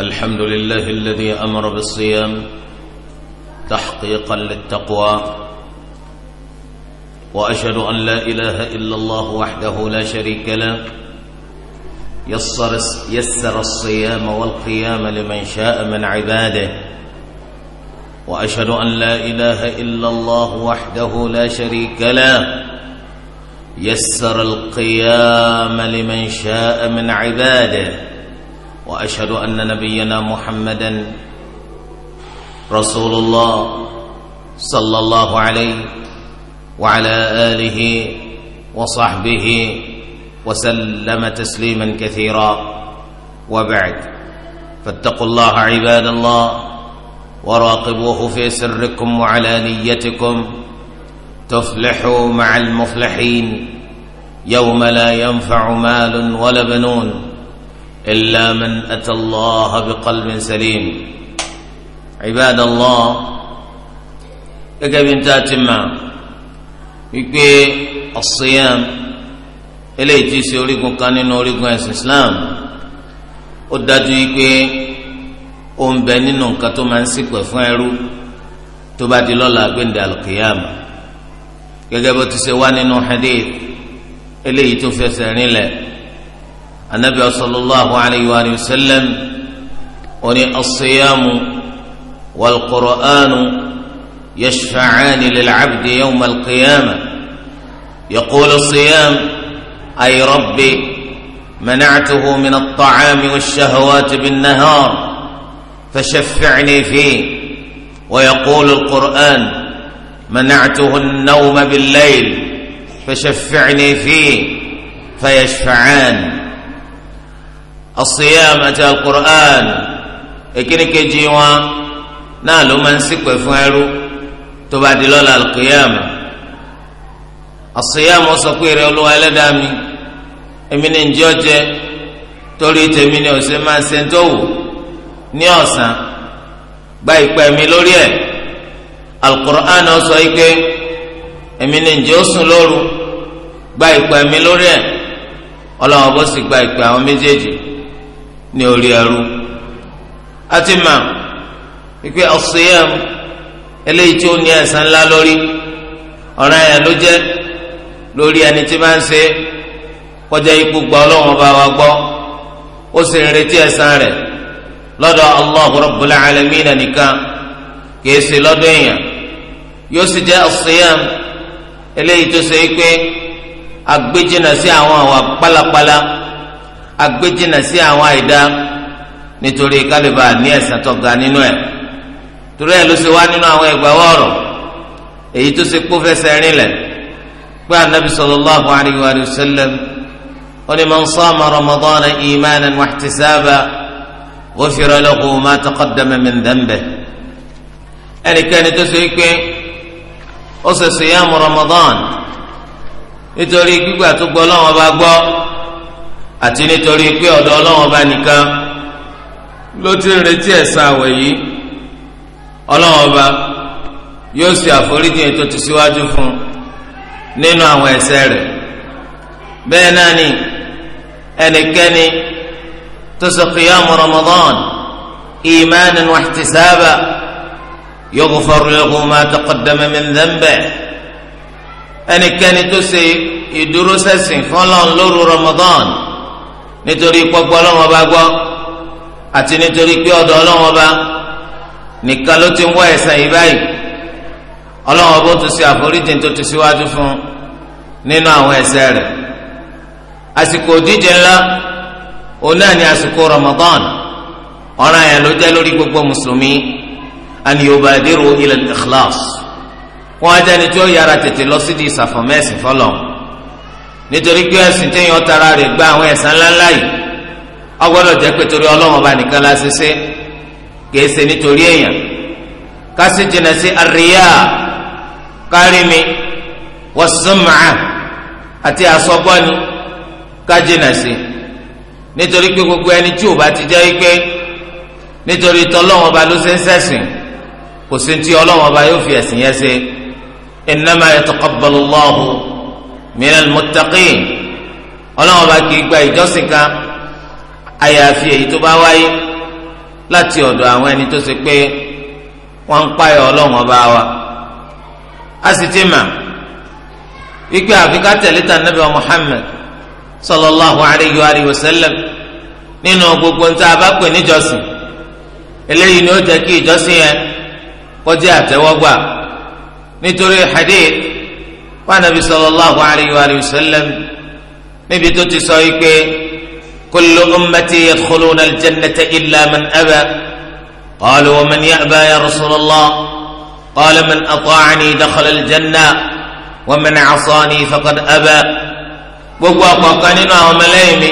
الحمد لله الذي أمر بالصيام تحقيقا للتقوى وأشهد أن لا إله إلا الله وحده لا شريك له يسر, يسر الصيام والقيام لمن شاء من عباده وأشهد أن لا إله إلا الله وحده لا شريك له يسر القيام لمن شاء من عباده واشهد ان نبينا محمدا رسول الله صلى الله عليه وعلى اله وصحبه وسلم تسليما كثيرا وبعد فاتقوا الله عباد الله وراقبوه في سركم وعلى نيتكم تفلحوا مع المفلحين يوم لا ينفع مال ولا بنون إلا من أتى الله بقلب سليم عباد الله كيف تاتما يكفي الصيام eléyìí tí ṣe orígun kan nínú orígun ẹ̀sìn Islam ó dájú yìí pé ó ń bẹ nínú nǹkan tó máa ń ṣìpẹ̀ fún ẹrú tó bá di lọ́la gbẹ̀ndẹ̀ alùkìyàmù gẹ́gẹ́ bó ti ṣe wá nínú hadith eléyìí tó fẹsẹ̀ rinlẹ̀ النبي صلى الله عليه وآله وسلم أني الصيام والقرآن يشفعان للعبد يوم القيامة يقول الصيام أي ربي منعته من الطعام والشهوات بالنهار فشفعني فيه ويقول القرآن منعته النوم بالليل فشفعني فيه فيشفعان as-siyam àti al-Qur'an èkíní kejì wọn náà ló máa ń ṣìpẹ̀ fún ẹrú tó bá di lọ́la al-qiyama as sọ mi torí tèmi ní ọ̀sẹ̀ máa ń tó ní gba ìpè mi lórí sọ ike èmi ní njẹ́ ó sùn lóru gba ìpè mi lórí ní orí ẹrú àti mà wípé ọ̀sìyàm eléyìí tí ó ní ẹ̀san ńlá lórí ọ̀ràn yẹn ló jẹ́ lórí ẹni tí máa ń ṣe kọjá ikú gba ọlọ́run bá wa gbọ́ ó sì ń retí ẹ̀san rẹ̀ lọ́dọ̀ Allahu Rabbul Alamin nìkan kìí ṣe lọ́dọ̀ èèyàn yóò sì jẹ́ ọ̀sìyàm eléyìí tó ṣe é agbéjìnà sí àwọn agbéjìnà sí àwọn àìdá nítorí kálíbà ní ẹ̀san tó ga nínú ẹ̀ torí ẹ̀ ló ṣe wá nínú àwọn ẹgbàá ọ̀rọ̀ èyí tó ṣe kó fẹsẹ̀ rinlẹ̀ pé anabi sallallahu alayhi wa sallam ó ní man sama ramadana imanan wa ihtisaban ghufira lahu ma taqaddama min ẹnikẹ́ni tó ṣe pé ó ṣe siyamu ramadan nítorí gbígbà tó gbọ́ lọ́wọ́ bá gbọ́ àti nítorí pé ọ̀dọ̀ ọlọ́run ọba nìkan ló ti ń retí ẹ̀san àwẹ̀ yìí ọlọ́run ọba yóò ṣe àforíjì ètò ti síwájú fún un nínú àwọn ẹ̀ṣẹ̀ rẹ̀ bẹ́ẹ̀ náà ni ẹnikẹ́ni tó ṣe qiyam Ramadan imanan wa ihtisaban yughfar lahu ma taqaddama min dhanbihi ẹnikẹ́ni tó ṣe ìdúró sẹ́sìn fún lóru Ramadan nítorí pọ́gbọ́ ọlọ́wọ́n bá gbọ́ àti nítorí pé ọ̀dọ̀ ọlọ́wọ́n bá nìkan ló ti ń wá ẹ̀san yìí báyìí ọlọ́wọ́n bó tún ṣe àforíjì tó ti síwájú fún nínú àwọn ẹ̀ṣẹ̀ rẹ̀ àsìkò òdíje ńlá òun náà ni àsìkò Ramadan ọ̀ràn yẹn ló jẹ́ lórí gbogbo mùsùlùmí àni yubadiru ila al-ikhlas wọ́n á jẹ́ ni tí ó yára tètè lọ sídìí ìsàfọ̀mẹ́sì fọlọ́n nítorí pé ẹ̀sìn téèyàn tara rẹ̀ gba àwọn ẹ̀san ńláńlá yìí ọgbọ́dọ̀ jẹ́ pé torí ọlọ́run ọba nìkan la ṣiṣẹ́ kìí ṣe nítorí èèyàn ká sì jìnnà sí àríyá kárí mi wọ́sùnmá àti àsọgbọ́ni ká jìnnà sí nítorí pé gbogbo ẹni tí ò bá ti jẹ́ pé nítorí tọ́lọ́run ọba ló ṣe ń ṣẹ̀sìn kò sí ti ọlọ́run ọba yóò fi ẹ̀sìn yẹn ṣe innama yataqabbalu Allahu minal muttaqin ọlọ́wọ́n bá kì í gba ìjọsìn kan àyàfi èyí tó bá wáyé láti ọ̀dọ̀ àwọn ẹni tó ṣe pé wọ́n ń páyọ̀ ọlọ́wọ́n bá wa a sì ti mà ikpe àfikà tẹ̀lé ta nabi Muhammad sallallahu alayhi wa sallam nínú gbogbo ntẹ abakpe níjọsìn eléyìí ni ó jẹ́ kí ìjọsìn yẹn kó àtẹ́wọ́gbà nítorí hadith wọn nàbí sallallahu alayhi wa sallam níbi tó ti sọ yìí pé kullu ummati yadkhuluna aljannata illa man aba qalu wa man ya'ba ya rasulallah qala man ata'ani dakhala aljanna wa man 'asani faqad aba gbogbo ọ̀kọ̀ọ̀kan nínú àwọn ọmọlẹ́yìn mi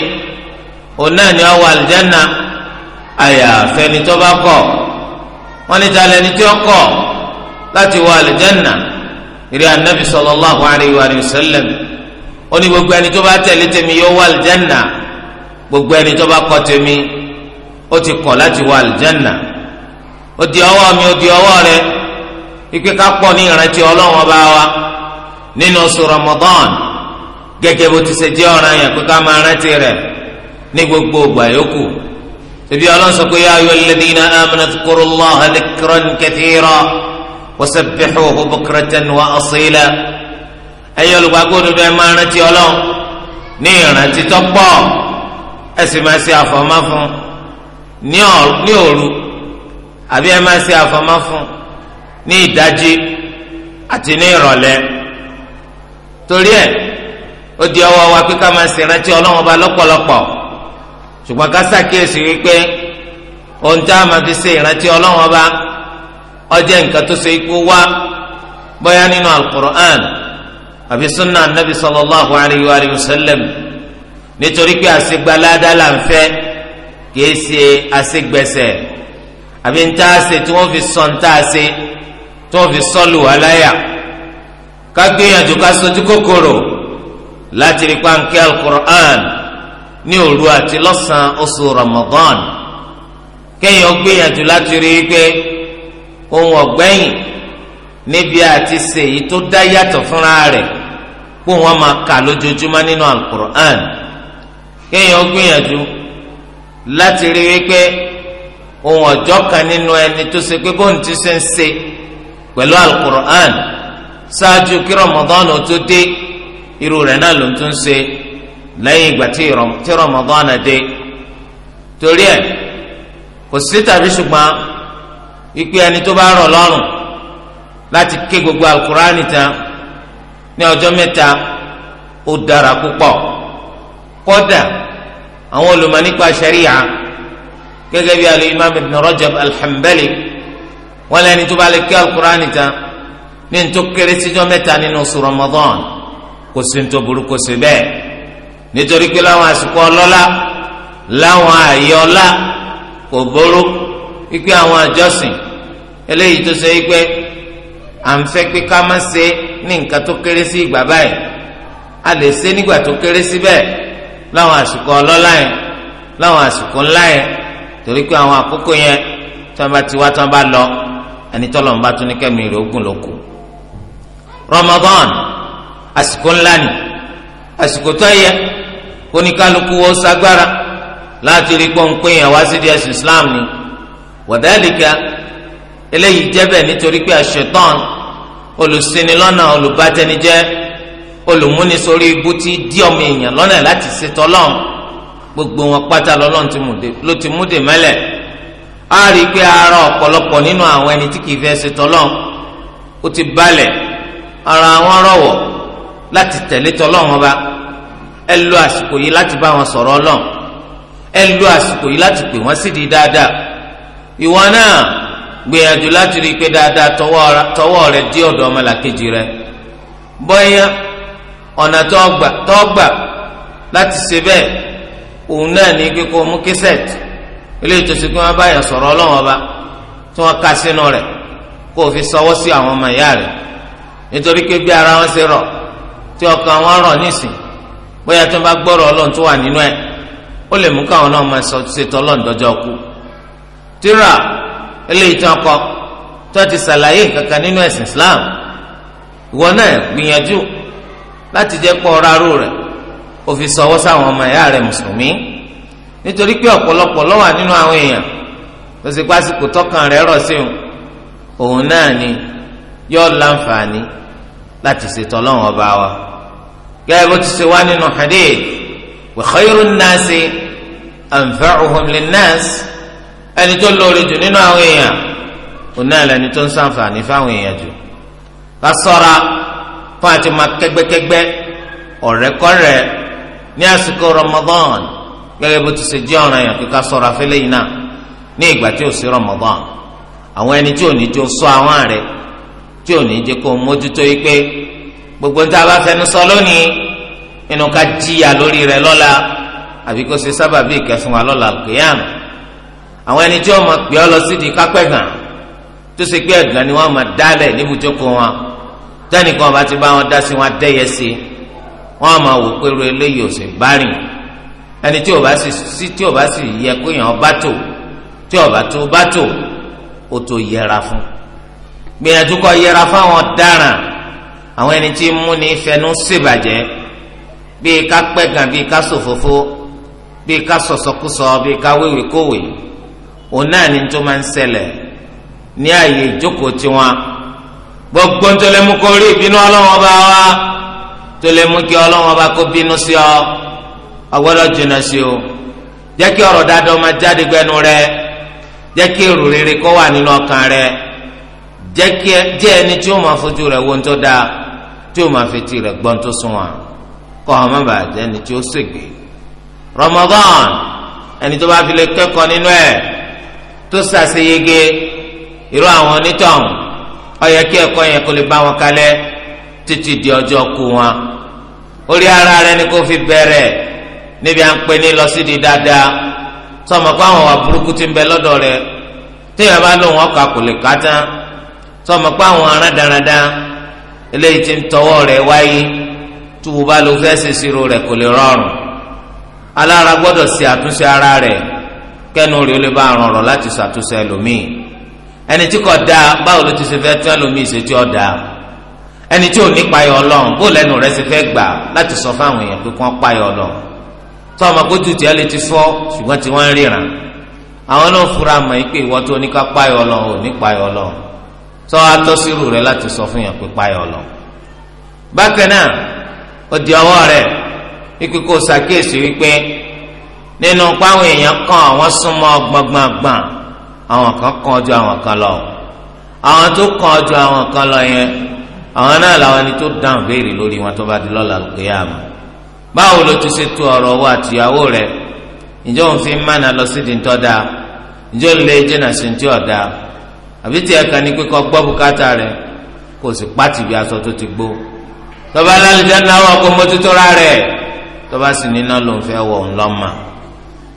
òun náà ni ọwọ́ aljanna àyàfẹ́ni tó bá kọ̀ wọ́n ní ta lẹni tí ó kọ̀ láti wọ aljanna ìrì anabi sallallahu alayhi wa sallam ó ní gbogbo ẹni tó bá tẹ̀lé tèmi yóò wọ aljanna gbogbo ẹni tó bá kọ̀ tèmi ó ti kọ̀ láti wọ aljanna ó di ọwọ́ mi ó di ọwọ́ rẹ ike ká pọ̀ ní ìrántí ọlọ́wọ́n bá wa nínú oṣù Ramadan gẹ́gẹ́ bó ti ṣe jẹ́ ọ̀ràn yẹn pé ká máa rántí rẹ̀ ní gbogbo ìgbà yòókù ibi ọlọ́sọ̀kọ̀ yá ayọ̀ alladhina amanu wasabbihuhu bukratan wa asila ẹ̀yin olùgbàgbọ́ òdodo ẹ̀ máa rántí ọlọ́run ní ìrántí tọ́pọ̀ ẹ̀ ṣe fún ní òru àbí ẹ̀ máa ṣe fún ní àti ní torí ẹ̀ ọba ọjẹ́ nǹkan tó ṣe ikú wá bóyá nínú alukur'an àbí sunna anabi sallallahu alayhi wa sallam nítorí pé àṣegbáládá là ń fẹ́ kìí ṣe àṣegbẹ̀sẹ̀ àbí ń tá a ṣe tí wọ́n fi sọ ń tá a ṣe tí wọ́n fi sọ́lù aláyà ká ká sojú kòkòrò láti rí pàǹkì alukur'an ní òru àti lọ́sàn-án oṣù ramadan kéèyàn gbìyànjú láti rí i pé. ohun ọ̀gbẹ́yìn níbi àti ṣe èyí tó dá yàtọ̀ fúnra rẹ̀ kó wọn máa kà lójoojúmọ́ nínú alukur'an kéèyàn gbìyànjú láti rí wípé ohun ọ̀jọ́ kan nínú ẹni tó ṣe pé bóun ti ṣe ń ṣe pẹ̀lú alukur'an ṣáájú kí rọmọdánù tó dé irú rẹ̀ náà ló ń tún ṣe lẹ́yìn ìgbà tí rọmọdánù ìpè ẹni tó bá rọ̀ lọ́rùn láti ké gbogbo alukurani tán ní ọjọ́ mẹ́ta ó dára púpọ̀ kódà àwọn olùmọ̀ nípa ṣẹ̀ríyà gẹ́gẹ́ bí al-Imam Ibn Rajab al-Hanbali lẹ́ni tó bá lè ké alukurani tán ní ntó kéré síjọ́ mẹ́ta nínú oṣù Ramadan kò sí ntó burúkú sí bẹ́ẹ̀ nítorí pé láwọn àsìkò ọlọ́lá láwọn àyè kò burú wípé àwọn àjọsìn eléyìí tó ṣe é pé à ń fẹ́ pé ká má ṣe ní nǹkan tó kéré sí ìgbà báyìí a lè ṣe nígbà tó kéré sí bẹ́ẹ̀ láwọn àsìkò ọlọ́lá yẹn láwọn àsìkò ńlá yẹn torí pé àwọn àkókò yẹn tí wọ́n bá ti wá tí wọ́n bá lọ ẹni tọ́lọ̀ ń bá tún ní kẹ́mi rẹ̀ ogun ló kù. Ramadan àsìkò ńlá ni àsìkò tó yẹ kó wọ́n sagbára láti rí pọ́ńpé yẹn wá sí díẹ̀ sí Islam ni wàdálìkà eléyìí jẹ́ bẹ́ẹ̀ nítorí pé àṣetán olùṣinilọ́nà olùbátẹnijẹ́ olùmúnisórí ibú ti dí ọmọ èèyàn lọ́nà láti ṣètò ọlọ́run gbogbo wọn pátá lọ́lọ́run ló ti mú dè mẹ́lẹ̀ á rí i pé ara ọ̀pọ̀lọpọ̀ nínú àwọn ẹni tí kì í fẹ́ ṣètò ọlọ́run ó ti balẹ̀ ara wọn rọ̀wọ̀ láti tẹ̀lé tọlọ́run ọba ẹ lo àsìkò yìí láti bá wọn sọ̀rọ̀ ọlọ́run ẹ lo àsìkò yìí láti pè wọ́n sídìí dáadáa ìwọ náà gbìyànjú láti rí i pé dáadáa tọwọ́ rẹ dí ọ̀dọ̀ ọmọlàkejì rẹ bóyá ọ̀nà tọ́gbà tọ́gbà láti ṣe bẹ́ẹ̀ òun náà ní kíkó mú kíṣẹ́ẹ̀tì ilé ìtòsí kí wọ́n bá yàn sọ̀rọ̀ ọlọ́wọ́n ọba tí wọ́n ka sínú rẹ̀ kó o fi sọwọ́ sí àwọn ọmọ ìyá rẹ̀ nítorí pé bí ara wọn ṣe rọ̀ tí ọkàn wọn rọ̀ nísìn bóyá tí wọ́n bá gbọ́rọ̀ ọlọ́run tó wà nínú ẹ̀ ó lè mú káwọn náà máa ṣètò ọlọ́run dọ́jọ́ kú tíra eléyìí tí wọn kọ tí wọn ti ṣàlàyé kankan nínú ẹ̀sìn Islam ìwọ náà gbìyànjú láti jẹ́ pọ̀ rárú rẹ̀ ó fi sọwọ́ sáwọn ọmọ ẹ̀yà rẹ̀ mùsùlùmí nítorí pé ọ̀pọ̀lọpọ̀ ló wà nínú àwọn èèyàn tó sì pásìkò tọkàn rẹ̀ rọ̀ sí òun òun náà ni yóò láǹfààní láti ṣètò ọlọ́run ọba wa gẹ́gẹ́ bó ti ṣe wá nínú hadith wa khayrun nasi anfa'uhum lin nas ẹni tó lóore jù nínú àwọn èèyàn òun náà lẹni tó ń sàǹfààní fáwọn èèyàn jù ká sọ́ra fún àti máa kẹ́gbẹ́kẹ́gbẹ́ ọ̀rẹ́kọ́rẹ́ ní àsìkò Ramadan gẹ́gẹ́ bó ti ṣe jẹ́ ọ̀ràn yàn kíkà sọ́ra fẹ́lẹ́ yìí náà ní ìgbà tí ò sí Ramadan àwọn ẹni tí ò ní jó sọ àwọn rẹ tí ò ní jẹ́ kó mójútó yìí pé gbogbo ń tá a bá fẹnu sọ lónìí nínú ká jìyà lórí rẹ lọ́la àbí ṣe sábàbí ìkẹfún wa lọ́la kéèyàn àwọn ẹni tí wọ́n máa pè ọ́ lọ sí di kápẹ́ gàn tó ṣe pé ẹ̀gàn ni wọ́n máa dálẹ̀ níbùjókòó wọn tẹ́nìkan bá ti bá wọn dá sí wọn adẹ́yẹ sí wọ́n máa wò pé ru eléyìí ò sì bá rìn ẹni tí ò bá sì tí ò bá sì yẹ kó yàn bá tò tí ò bá tó bá tò ó tó yẹra fún gbìyànjú kó yẹra fáwọn ọ̀daràn àwọn ẹni tí mú fẹnu ṣèbàjẹ́ bíi ká pẹ̀gàn bíi ká ṣòfófó bíi ká sọ̀sọ̀kúsọ bíi ká wéwèé kówèé. ona ni tó máa ń ṣẹlẹ̀ ní ààyè ìjókòó tiwọn gbogbo tó lè mú kó rí ìbínú ọlọ́wọ́n ọba wa tó lè mú kí ọlọ́wọ́n kó bínú sí ọ ọgbọ́dọ̀ jìnnà sí o jẹ́ kí ọ̀rọ̀ dáadọ́ máa jáde gbẹnu rẹ jẹ́ kí èrò rere kó wà nínú ọkàn rẹ jẹ́ kí jẹ́ ẹni tí ó máa fojú rẹ wo tó dáa tí ó máa ti rẹ gbọ́n tó kọ́ ọ má bàa jẹ́ tí ṣègbè ẹni tó ṣàṣeyege irú àwọn onítọ̀hún ó yẹ kí ẹ̀kọ́ yẹn kó lè bá wọn kalẹ̀ títí di ọjọ́ kú wọn orí ara rẹ ni kò fi bẹ̀rẹ̀ níbi à ń pè ní lọsídìí dáadáa sọmọ pé àwọn wà burúkú ti ń bẹ lọ́dọ̀ rẹ téèyàn bá lóun ọkà kò lè ká tán sọmọ pé àwọn arándanrandan eléyìí ti ń tọwọ́ rẹ wáyé túwú bá lo fẹsẹ̀ sírò rẹ kò lè rọrùn alára gbọ́dọ̀ ṣe àtúnṣe ara rẹ kẹ́nu rẹ̀ ó lè bá àrùn ọ̀rọ̀ láti ṣàtúnṣe ẹlòmíì ẹni tí kò dáa báwo ló ti ṣe fẹ́ tún ẹlòmíì ṣe tí ó dáa ẹni tí ò ní payọ̀ ọlọ́run bó lẹ́nu rẹ̀ ṣe fẹ́ gbà láti sọ fáwọn èèyàn pé wọ́n payọ̀ ọlọ́run tó ọmọ kójú tiẹ̀ lè ti fọ́ ṣùgbọ́n tí wọ́n ríran àwọn náà fura mọ̀ yìí pé ìwọ́n tó ní ká payọ̀ ọlọ́run ò ní payọ̀ ọlọ́run tó atọ́sírù rẹ̀ láti sọ fún yàn pé payọ̀ ọlọ́run bákan nínú páwọn èèyàn kan àwọn súnmọ́ gbọngbọngbọn àwọn kan kàn ju àwọn kan lọ àwọn tó kàn ju àwọn kan lọ yẹn àwọn náà làwọn ẹni tó dáhùn béèrè lórí wọn tó bá di lọ́la lùkìyàmù báwo ló ti ṣe tó ọ̀rọ̀ owó àtìyàwó rẹ̀ ǹjẹ́ òun fi mánà lọ sí ìdíntọ́ da ǹjẹ́ òun lè sí ti ọ̀dà àbí tí ẹ̀ka ni kíkọ́ gbọ́ kò sì pàtì bí aṣọ ti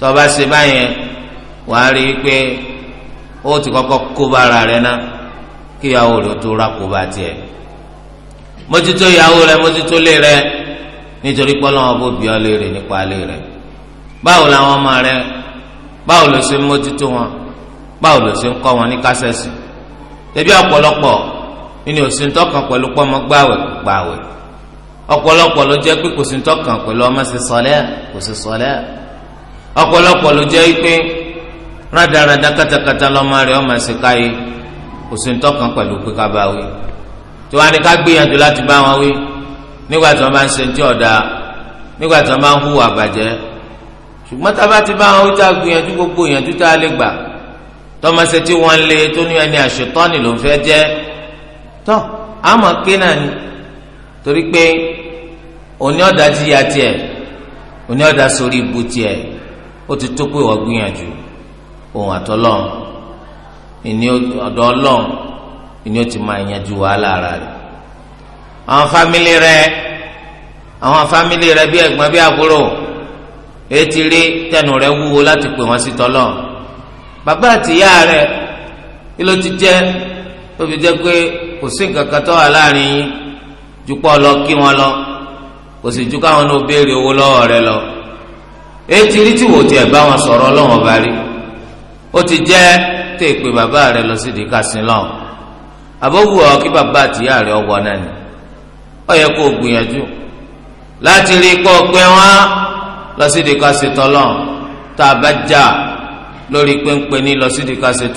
tó bá ṣe báyẹn wàá rí i pé ó ti kọ́kọ́ kó bára rẹ ná kí ìyàwó rẹ tó rákò bá tiẹ̀ mójútó ìyàwó rẹ mójútó lé rẹ nítorí pọ́lọ́wọ́n bó bí ọ léèrè nípa lé rẹ báwo làwọn ọmọ rẹ báwo ló ṣe ń mójútó wọn báwo ló ṣe ń kọ́ wọn ní kásẹ̀sì tẹ̀bí ọ̀pọ̀lọpọ̀ nínú òsìntọ́kàn pẹ̀lú pọ́mọ gbàwẹ̀ gbàwẹ̀ ọ̀pọ̀lọpọ̀ ló jẹ́ pé kò sí pẹ̀lú ọmọ sí sọlẹ́ kò sọlẹ́ ọ̀pọ̀lọpọ̀ ló jẹ́ pé rádaràda katakata lọ́mọ rẹ̀ ọmọ ẹ̀sìn káyé kò sí ntọ́kan pẹ̀lú pé ká bá wí tí wọ́n á ní ká gbìyànjú láti bá wọn wí nígbà tí wọ́n bá ń ṣe ti ọ̀dà nígbà tí wọ́n bá ń hùwà bàjẹ́ ṣùgbọ́n tá a bá ti bá wọn wí tá a gbìyànjú gbogbo ìyànjú tá a lè gbà tọ́mọṣe tí wọ́n lé tó ní ẹni àṣetọ́ni ló ń fẹ́ jẹ́ tọ́ àmọ́ ké ni torí pé òní ọ̀dà ti yà tiẹ̀ òní ọ̀dà sórí ibu tiẹ̀ ó ti tó pé wọ́n gbìyànjú òun àtọ́lọ́n ìní ọ̀dọ̀ ọlọ́n ìní ó ti máa yanjú wàhálà ara rẹ̀ àwọn fámìlì rẹ̀ àwọn fámìlì rẹ̀ bí ẹ̀gbọ́n bí àbúrò etí rí tẹnu rẹ̀ wúwo láti pè wọ́n sí tọ́lọ́n bàbá àtìyá rẹ̀ kí ló ti jẹ́ tó fi jẹ́ pé kò sí nǹkan kan tó wà láàrin yín jù lọ kí wọn lọ kò sì jù káwọn náà béèrè owó lọ́wọ́ rẹ̀ lọ etí rí tí wò ó tiẹ̀ bá wọn sọ̀rọ̀ ọlọ́wọ́n ọba rí ó ti jẹ́ tó ìpè bàbá rẹ lọ sí di kásìn lọ́hùn àbọ̀wù ọ kí bàbá àtìyá rẹ ọwọ́ náà ni ó yẹ kó o gbìyànjú láti rí kó o pé wọn lọ sí di kásìn tọ́lọ́ tá a bá jà lórí péńpé ní lọ sí di kásìn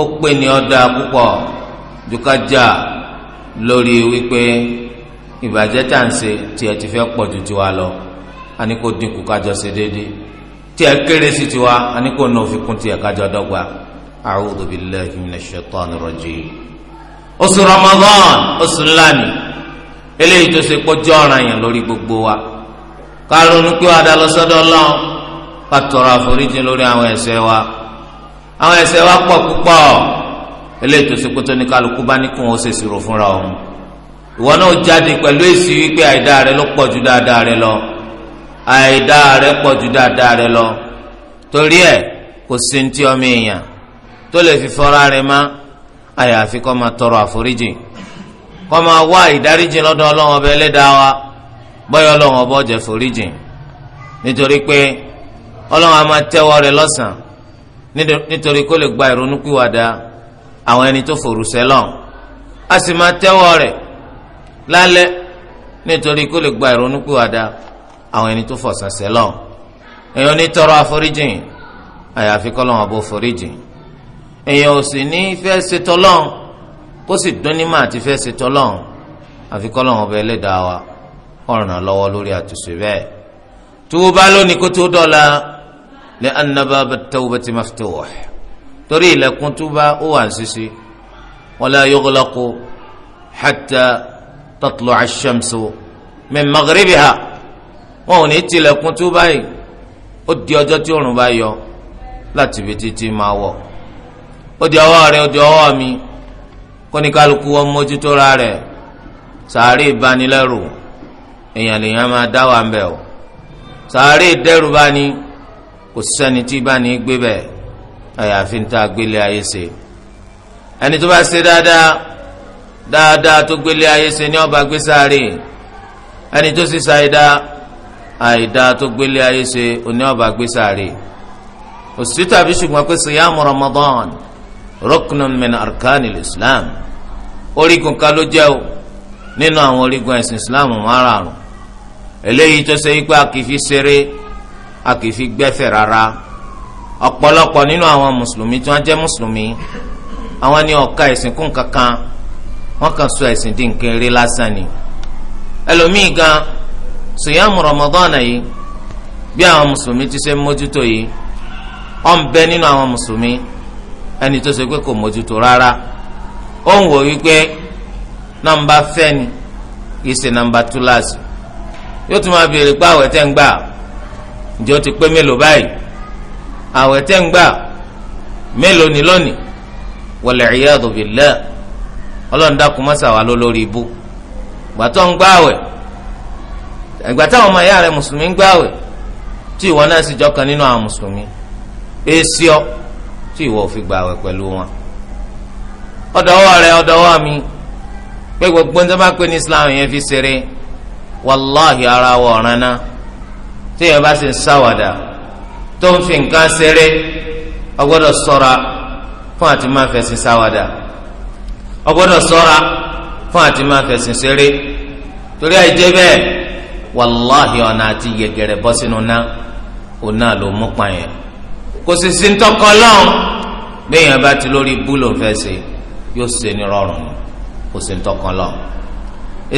ó pè ní ọ̀dà púpọ̀ dùkájà lórí wípé ìbàjẹ́ tàǹsẹ̀ tiẹ̀ ti fẹ́ pọ̀ ju tiwa lọ àní kò dínkù kájọ ṣe déédéé tí ẹ kéré sí tiwa àní nà òfin kún tiẹ̀ kájọ dọ́gba a'udhu billahi minash shaitanir rajim. oṣù Ramadan oṣù ńlá ni eléyìí tó ṣe kọjọ́ ọ̀ràn yẹn lórí gbogbo wa ká ronú pé wàá dalọ sọ́dọ̀ Ọlọ́run ká tọrọ àforíjì lórí àwọn ẹ̀ṣẹ̀ wa àwọn ẹ̀ṣẹ̀ wa pọ̀ púpọ̀ eléyìí tó ṣe kótó ní kálukú bá ní kí ó ṣe ìṣirò fúnra òun ìwọ náà jáde pẹ̀lú èsì wípé àìdá rẹ ló pọ̀ ju dáadáa rẹ lọ. àìdá rẹ pọ̀ ju dáadáa rẹ lọ torí ẹ kò sí ní ti ọmọ èèyàn tó lè fi fọ́ra rẹ má àyàfi kó máa tọrọ àforíjì máa wá ìdáríjì lọ́dọ̀ ọlọ́wọ́n ọba ẹlẹ́dàá wa bọ́yọ̀ ọlọ́wọ́n ọba ọ̀jẹ̀ foríjì nítorí pé ọlọ́wọ́n a máa tẹ́wọ́ rẹ lọ́sàn nítorí kó lè gba àwọn ẹni tó fòrùsẹ́ lọ a sì máa tẹ́wọ́ rẹ lálẹ́ nítorí kó lè gba àwọn ẹni tó fọ̀sán sẹ́lọ̀ èèyàn ní tọrọ àforíjìn àyàfi kọ́ lọ́wọ́ bó foríjìn èèyàn ò sì ní fẹ́ ṣe tọ́lọ́n kó sì dún ní mà àti fẹ́ ṣe tọ́lọ́n àfi kọ́ lọ́wọ́ bẹ́ẹ̀ lẹ́dàá wa ọ̀ràn lọ́wọ́ lórí àtúnṣe bẹ́ẹ̀ tuuba lónìí kó tó dọ̀la lẹ́ anaba tawbati maftuh torí ilẹ̀kùn tuuba ó wà ń sisi wala yughlaqu hatta tatlu'a ash-shamsu min maghribiha wọn ò ní tilẹ̀kùn tó báyìí ó di ọjọ́ tí òòrùn bá yọ láti ibi títí máa wọ̀ ó di ọwọ́ rẹ ó di ọwọ́ mi kó ní kálukú wọn mójútó ra rẹ̀ sàárè ìbanilẹ́rù èèyàn lèèyàn máa dá wà ń bẹ̀ o sàárè ìdẹ́rù bá ní kò sẹ́ni tí bá ní gbé bẹ̀ àyàfi ń ta gbélé ayé ṣe ẹni tó bá ṣe dáadáa dáadáa tó gbélé ayé ṣe ní ọba gbé sáré ẹni tó sì ṣàìdá àìdá tó gbélé ayé ṣe oní ọba gbèsàrè òsì tàbí ṣùgbọ́n pé siyamu ramadan ruknun min arkanil islam orígun kan ló jẹ́ o nínú àwọn orígun ẹ̀sìn islam márààrún eléyìí tó ṣe wípé a kì í fi ṣeré a kì í fi gbẹ́fẹ̀ rárá ọ̀pọ̀lọpọ̀ nínú àwọn mùsùlùmí tí wọ́n jẹ́ mùsùlùmí àwọn ni ọ̀ka ẹ̀sìn kún kankan wọ́n kàn sọ ẹ̀sìn dín kéré lásán ni ẹlòmíì gan-an sùyàmù rọmọdọ́nà yìí bí àwọn mùsùlùmí ti ṣe mójútó yìí ó ń bẹ nínú àwọn mùsùlùmí ẹni tó ṣe pé kò mójútó rárá ó ń wò wípé nọ́mbà fẹ́ kì í ṣe nọ́mbà túláàsì yóò tún máa béèrè pé àwẹ̀ tẹ́ ń gbà ǹjẹ́ ó ti pé mélòó báyìí àwẹ̀ tẹ́ ń ìgbà táwọn ọmọ ìyá rẹ mùsùlùmí ń tí ìwọ náà sì jọkan nínú àwọn mùsùlùmí èsì ọ tí ìwọ ò fi gbààwẹ̀ pẹ̀lú wọn. ọ̀dọ̀wọ́ rẹ ọ̀dọ̀wọ́ mi pé gbogbo ní bá pé ní Islam yẹn fi ṣeré wàláhì ara wọ̀ tí ìyẹn bá sì ń sáwàdà tó ń fi nǹkan ṣeré fún àti máa sáwàdà fún àti máa wàláhì ọ̀nà àti yẹgẹrẹ bọ́ sínú ná òun náà ló mú pa yẹn kò sì sí ntọ́kọ lọ́hùn béèyàn bá ti lórí búlò fẹ́ ṣe yóò ṣe ní rọrùn kò sí ntọ́kọ lọ́hùn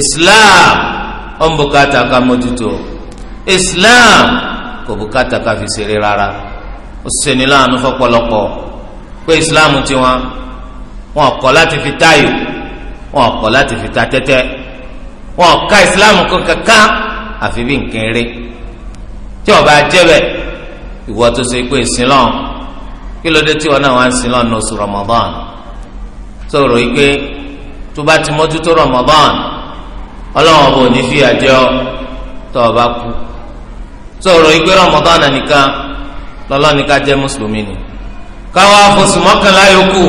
Islam ó ń bùkátà ká mójútó Islam kò bùkátà ká fi ṣeré rárá ó ṣe ní láàánú fọ́pọ̀lọpọ̀ pé Islam tiwọn wọn kọ̀ láti fi táyò wọn kọ̀ láti fi ta tẹ́tẹ́ wọn ká Islam kankan kan àfi bí nǹkan eré tí ọba jẹbẹ ìwọ tó ṣe pé sílọ̀n kí ló dé tí wọn náà wá ń sílọ̀n ní oṣù Ramadan sọ̀rọ̀ yìí pé tó bá ti mójútó Ramadan ọlọ́wọ́n ọba ní fi àjọ tó ọba kú sọ̀rọ̀ yìí pé Ramadan nìkan lọ́lọ́nìkan jẹ́ mùsùlùmí ni káwá fosù yòókù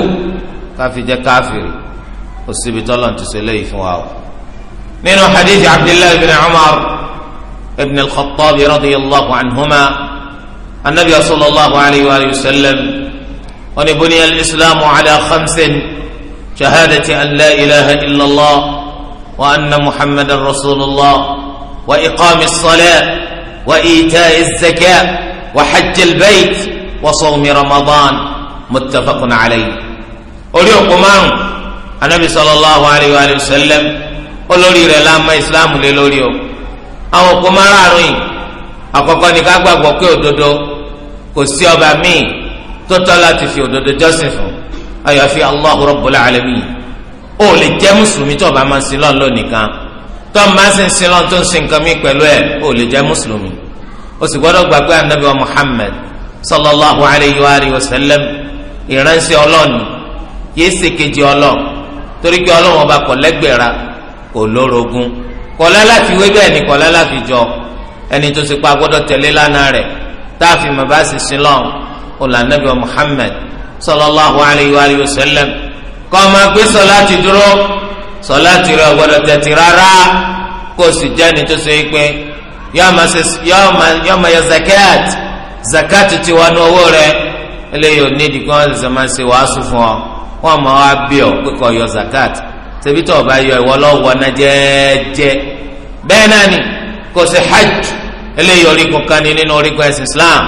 káfi jẹ́ káfìrì òsibítọ́lọ́n ti ṣe léyìí fún wa o nínú hadith Abdullahi bin Umar. ابن الخطاب رضي الله عنهما النبي صلى الله عليه وآله وسلم أن بني الإسلام على خمس شهادة أن لا إله إلا الله وأن محمد رسول الله وإقام الصلاة وإيتاء الزكاة وحج البيت وصوم رمضان متفق عليه أوليكم النبي صلى الله عليه وآله وسلم أولي رلام إسلام ma àwọn òkú márààrún yìí àkọ́kọ́ ni ká gbàgbọ́ pé òdodo kò sí ọba míì tó tọ́ láti fi òdodo jọ́sìn fún àyàfi Allahu Rabbul Alamin ó lè jẹ́ mùsùlùmí tó bá máa ń sin lọ́n lónìí kan tó máa ń sin sin lọ́n tó ń sin nǹkan mí pẹ̀lú ẹ̀ ó lè jẹ́ mùsùlùmí ó sì gbọ́dọ̀ gbàgbé anabi wa Muhammad sallallahu alayhi wa alihi wa sallam ìránṣẹ́ ọlọ́ọ̀ni kìí ṣe kejì ọlọ́ọ̀ torí pé ọlọ́wọ́n kọ̀lá láti wé bẹ́ẹ̀ ni kọ̀lá láti jọ ẹni tó ṣe pa gbọ́dọ̀ tẹ̀lé lánàá rẹ̀ tá a fi mọ̀ bá sì sin lọ́n olànàbí wa Muhammad sallallahu alayhi wa alihi wa sallam kọ́ ọ máa gbé sọ láti dúró sọ láti rẹ̀ ọ̀gbọ́dọ̀ tẹ̀tì rárá kó o sì jẹ́ ẹni tó ṣe pé yọ́ọ́ máa yọ zakat zakat ti wà ní owó rẹ̀ eléyìí ò ní ìdí kan ṣe máa ṣe wàásù fún ọ wọ́n máa wá bí ọ pé kọ́ yọ zakat ṣebí tó o bá yọ ìwọ lọ́wọ́ náà jẹ́ẹ́jẹ́ bẹ́ẹ̀ náà ni kò sí hajj eléyìí orígun kan ní nínú orígun ẹ̀sìn Islam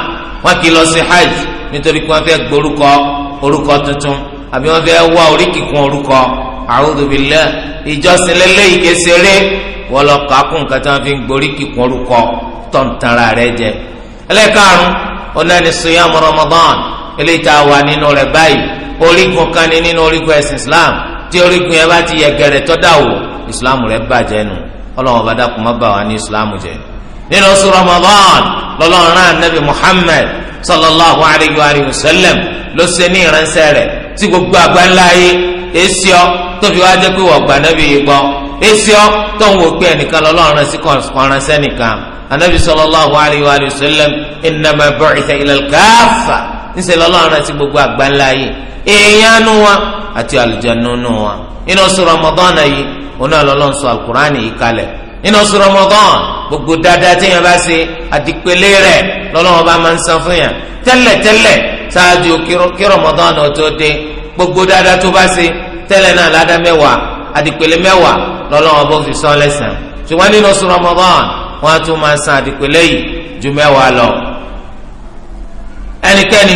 wọn kì í lọ sí hajj nítorí pé wọn fẹ́ gborúkọ orúkọ tuntun àbí wọn fẹ́ wá oríkìkún orúkọ a'udhu billah ìjọsìn lélẹ́yìí kéṣeré wọ́n lọ kàákùn nǹkan tí wọ́n fi ń gboríkìkún orúkọ tọ̀ntara rẹ jẹ ẹlẹ́karùn ọ̀nà ni siyam Ramadan eléyìí tá a wà nínú rẹ̀ báyìí orígun kan nínú orígun ẹ̀sìn Islam tí orígun yẹn bá ti yẹ gẹrẹ tọ́da wò ìsìláàmù rẹ bàjẹ́ nù ọlọ́wọ́n bá dákun má bà wá ní ìsìláàmù jẹ nínú oṣù Ramadan lọ́lọ́run rán anabi Muhammad sallallahu alayhi wa sallam ló ṣe ní ìránṣẹ́ rẹ̀ tí gbogbo àgbáńlá yìí èsì ọ tó fi wá jẹ́ pé wọ́n gbà anabi yìí gbọ́ èsì ọ tó ń wò pé ẹnìkan lọ́lọ́run rán sí kọ̀ọ̀ránṣẹ́ nìkan anabi sallallahu alayhi wa sallam innama bu'itha ila al-kaffa níṣẹ́ lọ́lọ́run rán sí gbogbo àgbáńlá yìí èèyàn nu wọn àti àlùjánu nù wọn inú oṣù rọmọdán yìí oní ọlọ́lọ́n sọ alukur'an yìí kalẹ̀ inú oṣù rọmọdán gbogbo dáadáa téèyàn bá ṣe àdìpélé rẹ̀ lọ́lọ́wọ́n bá máa ń san fún yàn tẹ́lẹ̀tẹ́lẹ̀ ṣáájú kí rọmọdán náà tó dé gbogbo dáadáa tó bá ṣe tẹ́lẹ̀ náà ládàá mẹ́wàá àdìpélé mẹ́wàá lọ́lọ́wọ́n bó fi san lẹ́sàn ṣùgbọ́n nínú oṣù rọmọdán wọn á tún máa san àdìpélé yìí ju mẹ́wàá lọ ẹnikẹ́ni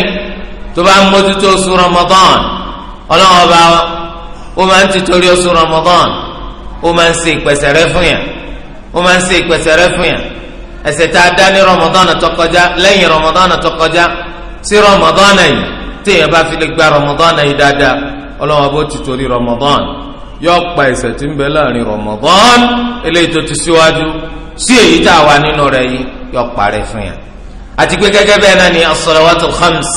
tó bá ń mójútó oṣù rọmọdán ọlọ́run ọba ó máa ń tìtorí oṣù Ramadan ó máa ń ṣe ìpẹ̀sẹ̀ rẹ fún yàn ó máa ń ṣe ìpẹ̀sẹ̀ rẹ fún yàn ẹ̀ṣẹ̀ tá a dá ní Ramadan tó kọjá lẹ́yìn Ramadan tó kọjá sí Ramadan yìí téèyàn bá fi lè gba Ramadan yìí dáadáa ọlọ́run ọba ó tìtorí Ramadan yóò pa ẹ̀ṣẹ̀ tí ń bẹ láàrin Ramadan eléyìí tó ti síwájú sí èyí tá a wà nínú rẹ̀ yìí yóò parẹ́ fún yàn àti pé gẹ́gẹ́ náà ni as-salawatul khams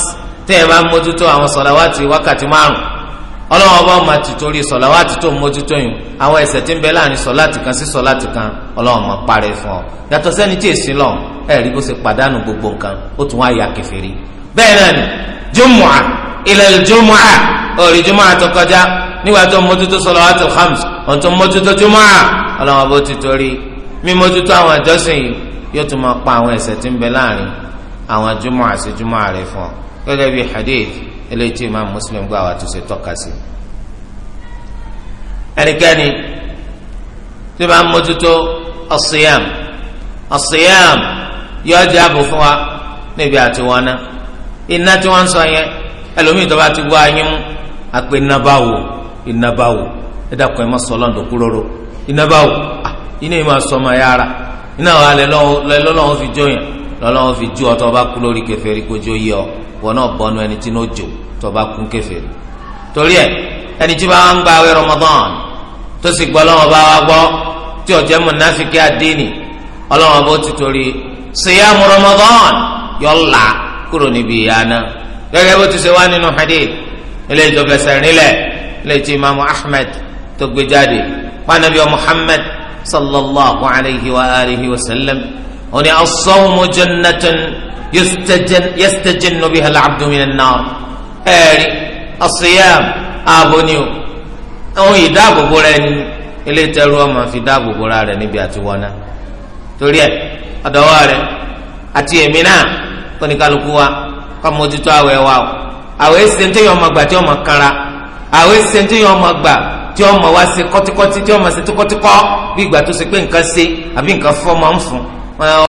téèyàn bá mójútó àwọn salawati wákàtí márùn-ún ọlọ́run ọba ma ti torí sọ̀lá wa ti tó mójútó yìí àwọn ẹ̀ṣẹ̀ tí ń bẹ láàrin sọ̀láàtì kan sí sọ̀láàtì kan ọlọ́run máa parẹ́ fún ọ yàtọ̀ sẹ́ni tí èsì lọ ẹ̀ rí bó ṣe pàdánù gbogbo nǹkan ó tún wá ya kèfèrí bẹ́ẹ̀ náà ni jùmùà ilal jùmùà òòrì jùmùà tó kọjá nígbà tó mójútó sọ̀láàtì khams ọ̀n tó mójútó jùmùà ọlọ́run ọba ti torí mímójútó àwọn ìjọsìn yìí pa àwọn ẹ̀ṣẹ̀ tí ń bẹ láàrin àwọn jùmùà sí jùmùà rẹ̀ eléyìí tí imam muslim gbọ́ àwọn àtúnṣe tọ́ka sí ẹnikẹ́ni tí bá ń mójútó ọ̀sìyàm ọ̀sìyàm yóò jẹ́ ààbò fún wa níbi àti wọn ná iná tí wọ́n ń sọ yẹn ẹlòmíì tó bá ti gbọ́ ayé àpè nàbàwò ìnàbàwò ẹ̀dàkùn ẹ̀ má sọ lọ́dọ̀ kúròrò ìnàbàwò ah, iná yìí máa sọ ọmọ ẹ̀yà iná wa lọ́lọ́wọ́ fi jó yẹn lọ́lọ́wọ́ fi jó ọtọ́ bá kú kẹfẹ́ rí kó jó yẹ ọ wọn náà bọ́nu ẹni tí náà jò tó bá kún kèfèrí torí ẹ ẹni tí báwa ń gba àwẹ̀ Ramadan tó sì gbọ́ lọ́wọ́ bá wa gbọ́ tí ó jẹ́ mùnáfíkì àdínì ọlọ́wọ́ bó ti torí síyàmù Ramadan yọ là kúrò níbi ìyáná gẹ́gẹ́ bó ti ṣe wá nínú hadith ilé ìjọfẹsẹ̀ nílẹ̀ ilé tí imaamu Ahmed tó gbé jáde wọn nàbí sallallahu alayhi wa alihi wa sallam ó ní as yẹsítẹ́jẹ́nu bíi alábùdómìnà náà ẹ̀rí ọ̀sìyàm ààbòní o àwọn ìdáàbòbò rẹ ni ilé tẹ́rù ọmọ fi dáàbòbò ra rẹ níbi àtiwọ́nà torí ẹ̀ ọ̀dọ́wọ́ rẹ àti èmi náà kọ́nìkálukú wa kọ́ mójútó àwẹ̀ wa o àwẹ̀ ẹ̀sìn tí yọ ọmọ gbà tí ọmọ kanra àwẹ̀ ẹ̀sìn tí yọ ọmọ gbà tí ọmọ wa ṣe kọ́tíkọ́tí tí ọmọ ṣe tíkọ́tíkọ́ bí ìgbà tó ṣe pé nǹkan ṣe àbí nǹkan fọ́ máa ń fún